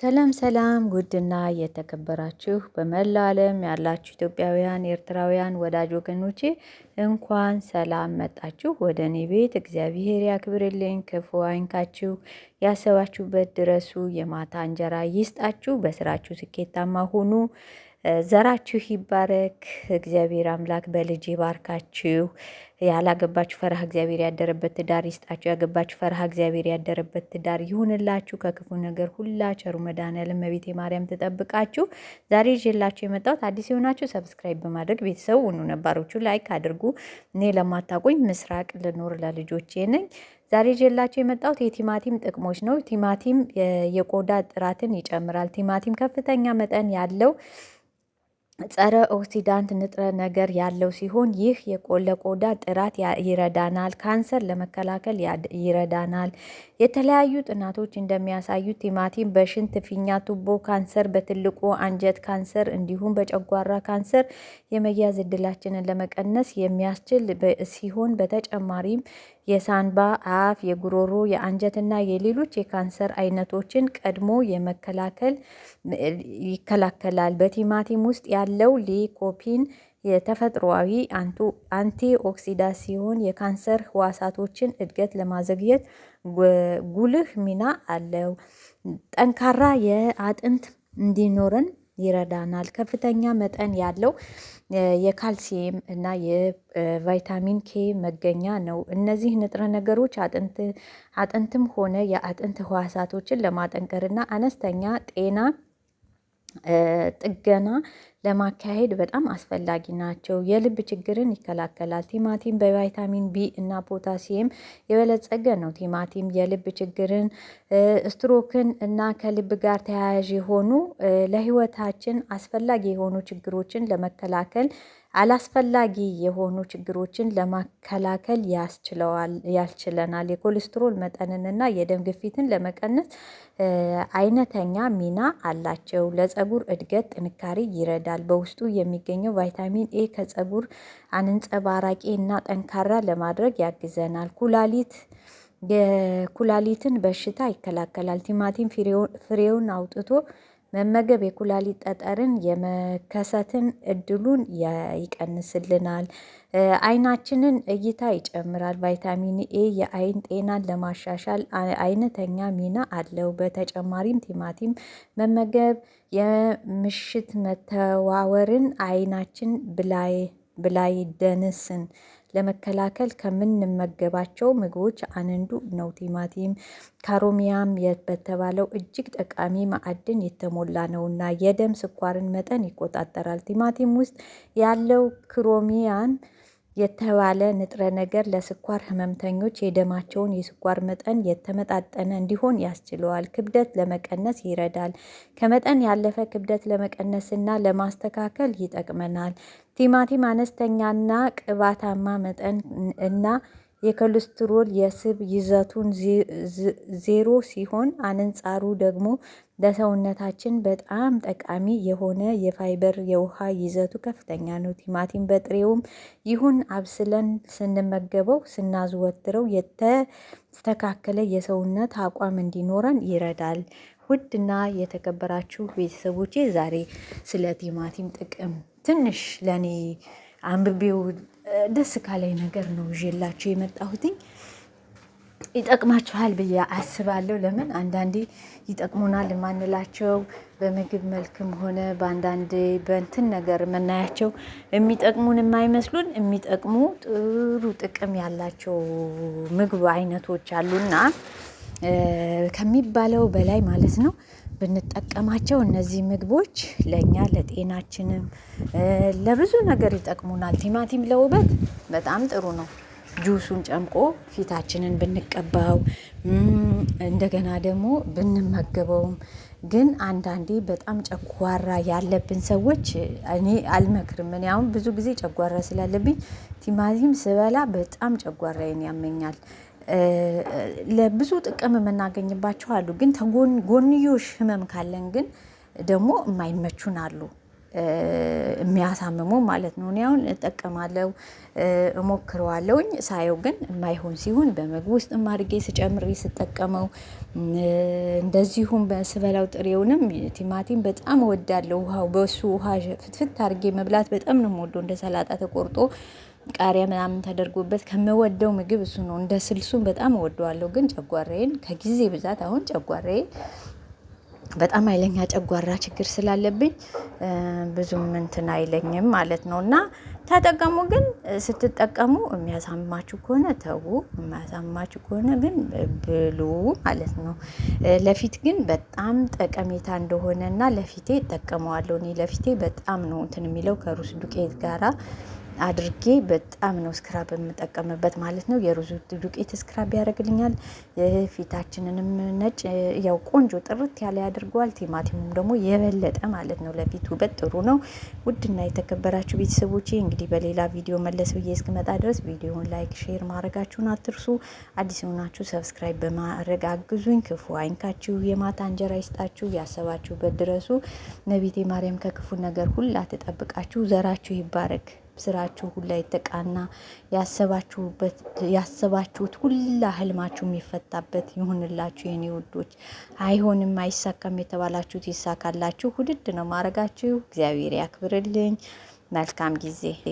ሰላም ሰላም ውድና የተከበራችሁ በመላው ዓለም ያላችሁ ኢትዮጵያውያን፣ ኤርትራውያን ወዳጅ ወገኖቼ እንኳን ሰላም መጣችሁ ወደ እኔ ቤት። እግዚአብሔር ያክብርልኝ፣ ክፉ አይንካችሁ፣ ያሰባችሁበት ድረሱ፣ የማታ እንጀራ ይስጣችሁ፣ በስራችሁ ስኬታማ ሁኑ፣ ዘራችሁ ይባረክ፣ እግዚአብሔር አምላክ በልጅ ይባርካችሁ። ያላገባችሁ ፈርሃ እግዚአብሔር ያደረበት ትዳር ይስጣችሁ። ያገባችሁ ፈርሃ እግዚአብሔር ያደረበት ትዳር ይሁንላችሁ። ከክፉ ነገር ሁላ ቸሩ መድኃኔዓለም እመቤቴ ማርያም ትጠብቃችሁ። ዛሬ ይዤላችሁ የመጣሁት አዲስ የሆናችሁ ሰብስክራይብ በማድረግ ቤተሰቡ ሁኑ፣ ነባሮቹ ላይክ አድርጉ። እኔ ለማታቆኝ ምስራቅ ልኖር ለልጆቼ ነኝ። ዛሬ ይዤላችሁ የመጣሁት የቲማቲም ጥቅሞች ነው። ቲማቲም የቆዳ ጥራትን ይጨምራል። ቲማቲም ከፍተኛ መጠን ያለው ጸረ ኦክሲዳንት ንጥረ ነገር ያለው ሲሆን ይህ ለቆዳ ጥራት ይረዳናል፣ ካንሰር ለመከላከል ይረዳናል። የተለያዩ ጥናቶች እንደሚያሳዩት ቲማቲም በሽንት ፊኛ ቱቦ ካንሰር፣ በትልቁ አንጀት ካንሰር እንዲሁም በጨጓራ ካንሰር የመያዝ እድላችንን ለመቀነስ የሚያስችል ሲሆን በተጨማሪም የሳንባ አፍ፣ የጉሮሮ፣ የአንጀትና የሌሎች የካንሰር አይነቶችን ቀድሞ የመከላከል ይከላከላል። በቲማቲም ውስጥ ያለው ሊኮፒን የተፈጥሮዊ አንቲ ኦክሲዳ ሲሆን የካንሰር ህዋሳቶችን እድገት ለማዘግየት ጉልህ ሚና አለው። ጠንካራ የአጥንት እንዲኖረን ይረዳናል። ከፍተኛ መጠን ያለው የካልሲየም እና የቫይታሚን ኬ መገኛ ነው። እነዚህ ንጥረ ነገሮች አጥንትም ሆነ የአጥንት ህዋሳቶችን ለማጠንቀር እና አነስተኛ ጤና ጥገና ለማካሄድ በጣም አስፈላጊ ናቸው። የልብ ችግርን ይከላከላል። ቲማቲም በቫይታሚን ቢ እና ፖታሲየም የበለጸገ ነው። ቲማቲም የልብ ችግርን፣ ስትሮክን እና ከልብ ጋር ተያያዥ የሆኑ ለህይወታችን አስፈላጊ የሆኑ ችግሮችን ለመከላከል አላስፈላጊ የሆኑ ችግሮችን ለማከላከል ያስችለናል። የኮሌስትሮል መጠንንና የደም ግፊትን ለመቀነስ አይነተኛ ሚና አላቸው። ለፀጉር እድገት ጥንካሬ ይረዳል። ይላል። በውስጡ የሚገኘው ቫይታሚን ኤ ከፀጉር አንጸባራቂ እና ጠንካራ ለማድረግ ያግዘናል። ኩላሊት የኩላሊትን በሽታ ይከላከላል። ቲማቲም ፍሬውን አውጥቶ መመገብ የኩላሊት ጠጠርን የመከሰትን እድሉን ይቀንስልናል። አይናችንን እይታ ይጨምራል ቫይታሚን ኤ የአይን ጤናን ለማሻሻል አይነተኛ ሚና አለው። በተጨማሪም ቲማቲም መመገብ የምሽት መተዋወርን አይናችን ብላይ ብላይደንስን ለመከላከል ከምንመገባቸው ምግቦች አንዱ ነው። ቲማቲም ካሮሚያም በተባለው እጅግ ጠቃሚ ማዕድን የተሞላ ነውና የደም ስኳርን መጠን ይቆጣጠራል። ቲማቲም ውስጥ ያለው ክሮሚያን የተባለ ንጥረ ነገር ለስኳር ህመምተኞች የደማቸውን የስኳር መጠን የተመጣጠነ እንዲሆን ያስችለዋል። ክብደት ለመቀነስ ይረዳል። ከመጠን ያለፈ ክብደት ለመቀነስና ለማስተካከል ይጠቅመናል። ቲማቲም አነስተኛና ቅባታማ መጠን እና የኮሌስትሮል የስብ ይዘቱን ዜሮ ሲሆን አንጻሩ ደግሞ ለሰውነታችን በጣም ጠቃሚ የሆነ የፋይበር የውሃ ይዘቱ ከፍተኛ ነው። ቲማቲም በጥሬውም ይሁን አብስለን ስንመገበው ስናዘወትረው የተስተካከለ የሰውነት አቋም እንዲኖረን ይረዳል። ውድና የተከበራችሁ ቤተሰቦቼ ዛሬ ስለ ቲማቲም ጥቅም ትንሽ ለኔ አንብቤው ደስ ካላይ ነገር ነው ይዤላችሁ የመጣሁትኝ። ይጠቅማችኋል ብዬ አስባለሁ። ለምን አንዳንዴ ይጠቅሙናል የማንላቸው በምግብ መልክም ሆነ በአንዳንድ በእንትን ነገር የምናያቸው የሚጠቅሙን የማይመስሉን የሚጠቅሙ ጥሩ ጥቅም ያላቸው ምግብ አይነቶች አሉና ከሚባለው በላይ ማለት ነው። ብንጠቀማቸው እነዚህ ምግቦች ለእኛ ለጤናችንም ለብዙ ነገር ይጠቅሙናል። ቲማቲም ለውበት በጣም ጥሩ ነው። ጁሱን ጨምቆ ፊታችንን ብንቀባው እንደገና ደግሞ ብንመገበውም፣ ግን አንዳንዴ በጣም ጨጓራ ያለብን ሰዎች እኔ አልመክርም። እኔ አሁን ብዙ ጊዜ ጨጓራ ስላለብኝ ቲማቲም ስበላ በጣም ጨጓራዬን ያመኛል። ለብዙ ጥቅም የምናገኝባቸው አሉ። ግን ጎንዮሽ ህመም ካለን ግን ደግሞ የማይመቹን አሉ የሚያሳምሙ ማለት ነው። እኔ አሁን እጠቀማለሁ እሞክረዋለሁኝ። ሳየው ግን የማይሆን ሲሆን በምግብ ውስጥ አድርጌ ስጨምሬ ስጠቀመው፣ እንደዚሁም በስበላው ጥሬውንም ቲማቲም በጣም እወዳለሁ። ውሃው በሱ ውሃ ፍትፍት አድርጌ መብላት በጣም ነው የምወደው። እንደ ሰላጣ ተቆርጦ ቃሪያ ምናምን ተደርጎበት ከምወደው ምግብ እሱ ነው። እንደ ስልሱን በጣም እወደዋለሁ፣ ግን ጨጓራዬን ከጊዜ ብዛት አሁን ጨጓራዬ በጣም አይለኛ ጨጓራ ችግር ስላለብኝ ብዙም እንትን አይለኝም ማለት ነው። እና ተጠቀሙ፣ ግን ስትጠቀሙ የሚያሳማችሁ ከሆነ ተዉ፣ የማያሳማችሁ ከሆነ ግን ብሉ ማለት ነው። ለፊት ግን በጣም ጠቀሜታ እንደሆነ እና ለፊቴ እጠቀመዋለሁ። እኔ ለፊቴ በጣም ነው እንትን የሚለው ከሩስ ዱቄት ጋራ አድርጌ በጣም ነው ስክራብ የምጠቀምበት ማለት ነው። የሩዙ ዱቄት ስክራብ ያደርግልኛል። ፊታችንንም ነጭ ያው ቆንጆ ጥርት ያለ ያደርገዋል። ቲማቲሙም ደግሞ የበለጠ ማለት ነው ለፊት ውበት ጥሩ ነው። ውድና የተከበራችሁ ቤተሰቦቼ እንግዲህ በሌላ ቪዲዮ መለስ ብዬ እስክመጣ ድረስ ቪዲዮውን ላይክ፣ ሼር ማድረጋችሁን አትርሱ። አዲስ የሆናችሁ ሰብስክራይብ በማድረግ አግዙኝ። ክፉ አይንካችሁ፣ የማታ እንጀራ ይስጣችሁ፣ ያሰባችሁበት ድረሱ። እመቤቴ ማርያም ከክፉ ነገር ሁላ ትጠብቃችሁ፣ ዘራችሁ ይባረክ። ስራችሁ ሁላ የተቃና ያሰባችሁት ሁላ ህልማችሁ የሚፈታበት ይሁንላችሁ የኔ ውዶች። አይሆንም አይሳካም የተባላችሁት ይሳካላችሁ። ውድድ ነው ማድረጋችሁ። እግዚአብሔር ያክብርልኝ። መልካም ጊዜ